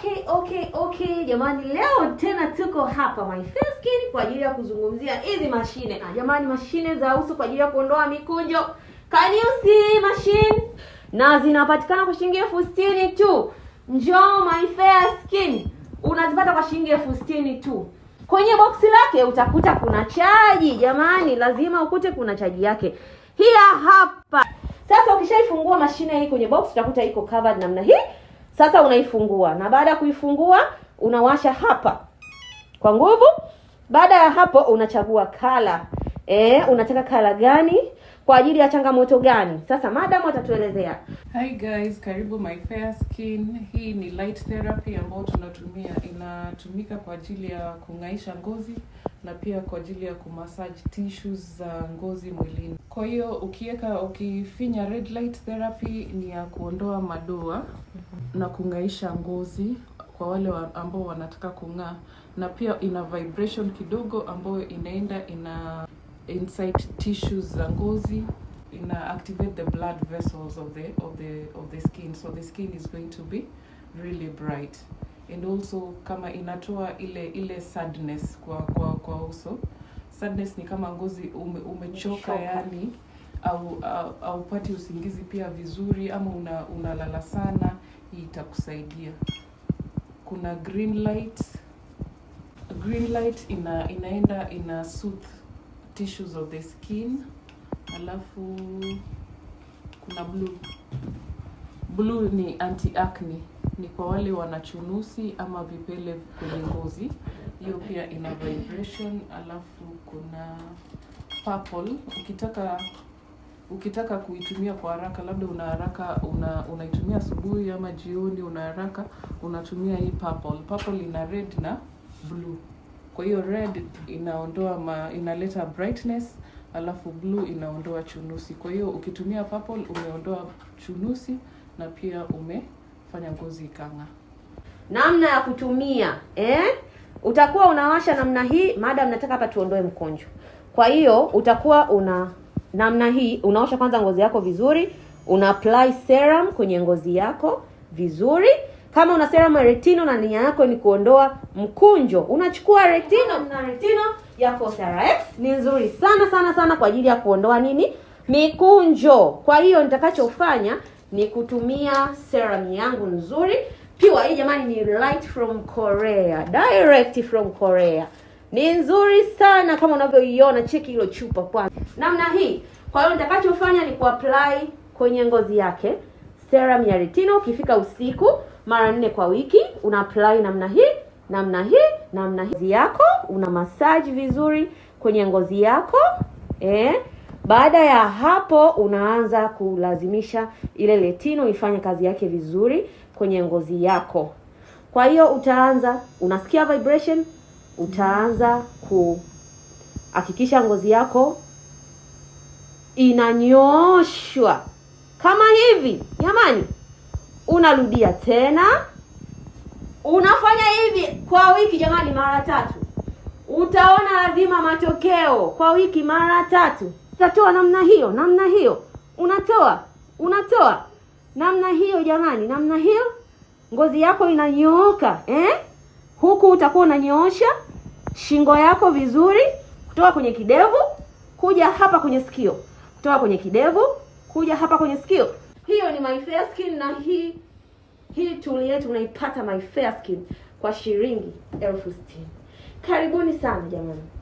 okay okay okay jamani leo tena tuko hapa my skin kwa ajili ya kuzungumzia hizi mashine ah, jamani mashine za uso kwa ajili ya kuondoa mikunjo can you see machine na zinapatikana kwa shilingi elfu sitini tu njoo my fair skin unazipata kwa shilingi elfu sitini tu kwenye boksi lake utakuta kuna chaji jamani lazima ukute kuna chaji yake hiya hapa sasa ukishaifungua mashine hii kwenye box utakuta iko covered namna hii sasa unaifungua na baada ya kuifungua unawasha hapa kwa nguvu. Baada ya hapo unachagua kala e, unataka kala gani kwa ajili ya changamoto gani? Sasa madam atatuelezea. Hi guys, karibu My Fair Skin. Hii ni light therapy ambayo tunatumia, inatumika kwa ajili ya kung'aisha ngozi na pia kwa ajili ya kumasaji tissues za ngozi mwilini. Kwa hiyo ukiweka, ukifinya red light therapy ni ya kuondoa madoa na kung'aisha ngozi kwa wale wa ambao wanataka kung'aa, na pia ina vibration kidogo ambayo inaenda ina inside tissues za ngozi ina activate the blood vessels of the of the of the skin so the skin is going to be really bright and also kama inatoa ile ile sadness kwa kwa kwa uso. Sadness ni kama ngozi ume, umechoka yani au haupati usingizi pia vizuri ama una, unalala sana, hii itakusaidia. Kuna green light. Green light ina, inaenda ina soothe tissues of the skin, alafu kuna blue. Blue ni anti acne, ni kwa wale wanachunusi ama vipele kwenye ngozi, hiyo pia ina vibration. Alafu kuna purple, ukitaka ukitaka kuitumia kwa haraka, labda una haraka una, unaitumia asubuhi ama jioni, una haraka unatumia hii purple. Purple ina red na blue, kwa hiyo red inaondoa ma, inaleta brightness alafu blue inaondoa chunusi. Kwa hiyo ukitumia purple umeondoa chunusi na pia umefanya ngozi ikanga Namna ya kutumia eh? Utakuwa unawasha namna hii, madam nataka hapa tuondoe mkonjo. Kwa hiyo utakuwa una namna hii unaosha kwanza ngozi yako vizuri, una apply serum kwenye ngozi yako vizuri. Kama una serum ya retino na nia yako ni kuondoa mkunjo, unachukua retino na retino ya Cosrx ni nzuri sana sana sana kwa ajili ya kuondoa nini, mikunjo. Kwa hiyo nitakachofanya ni kutumia serum yangu nzuri piwa hii jamani, ni light from Korea, direct from Korea, ni nzuri sana kama unavyoiona. Cheki hilo chupa kwanza namna hii. Kwa hiyo nitakachofanya ni kuapply kwenye ngozi yake serum ya retinol. Ukifika usiku mara nne kwa wiki, una apply namna hii namna hii namna hii yako, una massage vizuri kwenye ngozi yako eh. Baada ya hapo, unaanza kulazimisha ile retino ifanye kazi yake vizuri kwenye ngozi yako. Kwa hiyo utaanza, unasikia vibration, utaanza kuhakikisha ngozi yako inanyooshwa kama hivi jamani, unarudia tena, unafanya hivi kwa wiki jamani, mara tatu. Utaona lazima matokeo kwa wiki mara tatu. Utatoa namna hiyo, namna hiyo, unatoa unatoa namna hiyo jamani, namna hiyo, ngozi yako inanyooka eh? Huku utakuwa unanyoosha shingo yako vizuri kutoka kwenye kidevu kuja hapa kwenye sikio toa kwenye kidevu kuja hapa kwenye sikio. Hiyo ni My Fair Skin na hii hii tool yetu unaipata My Fair Skin kwa shilingi elfu sitini. Karibuni sana jamani.